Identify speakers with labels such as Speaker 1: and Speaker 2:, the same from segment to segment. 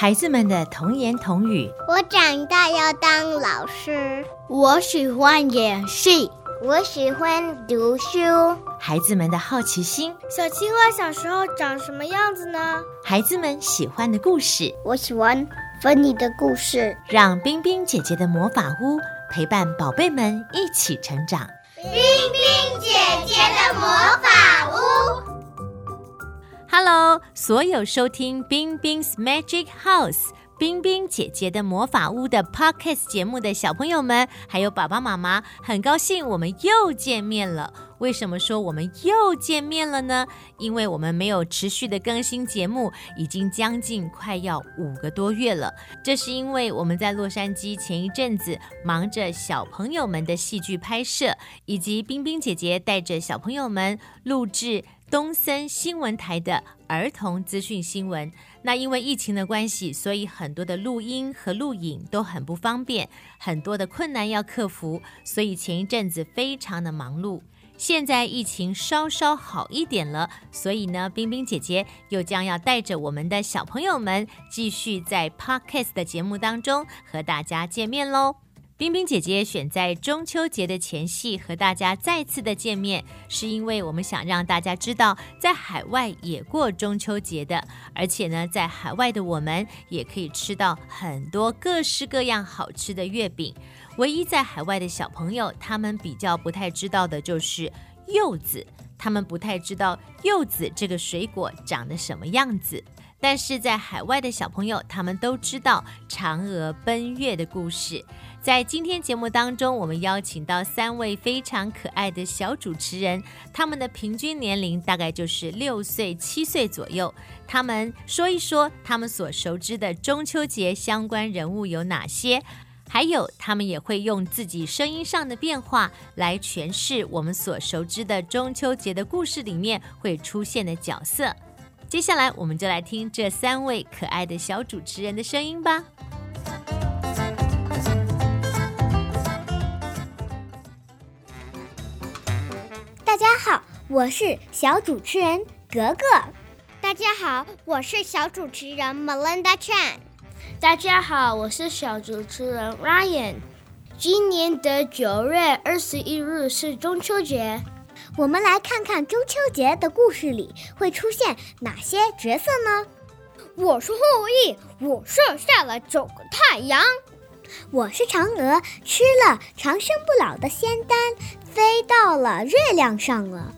Speaker 1: 孩子們的童言童語：
Speaker 2: 我長大要當老師，我喜歡演戲，我喜歡讀書。
Speaker 1: 孩子們的好奇心：
Speaker 2: 小青蛙小時候長什麼樣子呢？
Speaker 1: 孩子們喜歡的故事：我喜歡粉你的故事。讓冰冰姐姐的魔法屋陪伴寶貝們一起成長。
Speaker 2: 冰冰姐姐的魔法屋。
Speaker 1: Hello，所有收聽《冰冰 's Magic House》冰冰姐姐的魔法屋的 Podcast 節目的小朋友們，還有爸爸媽媽，很高興我們又見面了。為什麼說我們又見面了呢？因為我們沒有持續的更新節目，已經將近快要五個多月了。這是因為我們在洛杉磯前一陣子忙着小朋友們的戲劇拍攝，以及冰冰姐姐帶着小朋友們錄製。東森新聞台的兒童資訊新聞，那因為疫情的關係，所以很多的錄音和錄影都很不方便，很多的困難要克服，所以前一陣子非常的忙碌。現在疫情稍稍好一點了，所以呢，冰冰姐姐又將要帶着我們的小朋友們繼續在 Podcast 的節目當中和大家見面嘍。冰冰姐姐選在中秋節的前夕和大家再次的見面，是因為我們想讓大家知道，在海外也過中秋節的，而且呢，在海外的我們也可以吃到很多各式各樣好吃的月餅。唯一在海外的小朋友，他們比較不太知道的就是柚子，他們不太知道柚子這個水果長得什麼樣子。但是在海外的小朋友，他們都知道嫦娥奔月的故事。在今天節目當中，我們邀請到三位非常可愛的小主持人，他們的平均年齡大概就是六歲、七歲左右。他們說一說他們所熟知的中秋節相關人物有哪些，還有他們也會用自己聲音上的變化來詮釋我們所熟知的中秋節的故事裡面會出現的角色。接下來，我們就來聽這三位可愛的小主持人的聲音吧。
Speaker 2: 大家好，我是小主持人格格。大家好，我是小主持人 Melinda Chan。大家好，我是小主持人 Ryan。今年的九月二十一日是中秋節，我們來看看中秋節的故事裡會出現哪些角色呢？我是後羿，我射下了九個太陽。我是嫦娥，吃了長生不老的仙丹。飛到了月亮上了。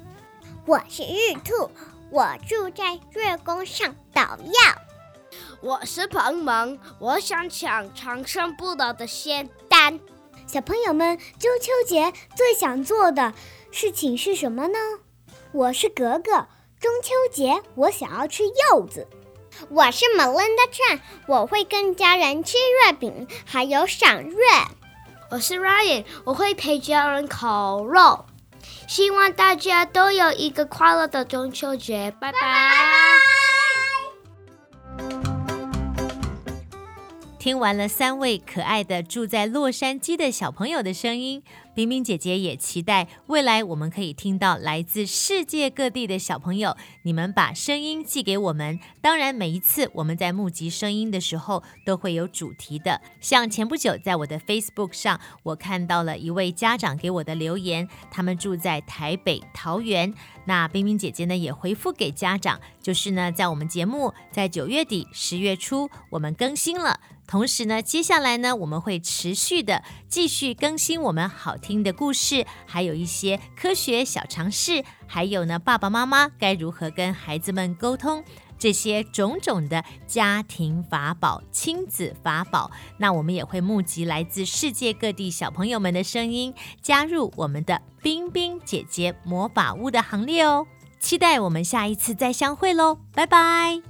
Speaker 2: 我是玉兔，我住在月宮上搗藥。我是蓬蒙，我想搶長生不老的仙丹。小朋友們，中秋節最想做的事情是什麼呢？我是格格，中秋節我想要吃柚子。我是 Melinda Tran，我會跟家人吃月餅，還有賞月。我是 Ryan，我會陪家人烤肉，希望大家都有一個快樂的中
Speaker 1: 秋節，拜拜。聽完了三位可愛的住在洛杉磯的小朋友的聲音，冰冰姐姐也期待未來我們可以聽到來自世界各地的小朋友。你們把聲音寄給我們，當然每一次我們在募集聲音的時候都會有主題的。像前不久在我的 Facebook 上，我看到了一位家長給我的留言，他們住在台北、桃園。那冰冰姐姐呢也回復給家長，就是呢在我們節目在九月底、十月初我們更新了。同時呢，接下來呢，我們會持續的繼續更新我們好聽的故事，還有一些科學小常識，還有呢，爸爸媽媽該如何跟孩子們溝通，這些種種的家庭法寶、親子法寶。那我們也會募集來自世界各地小朋友們的聲音，加入我們的冰冰姐姐魔法屋的行列哦。期待我們下一次再相會嘍，拜拜。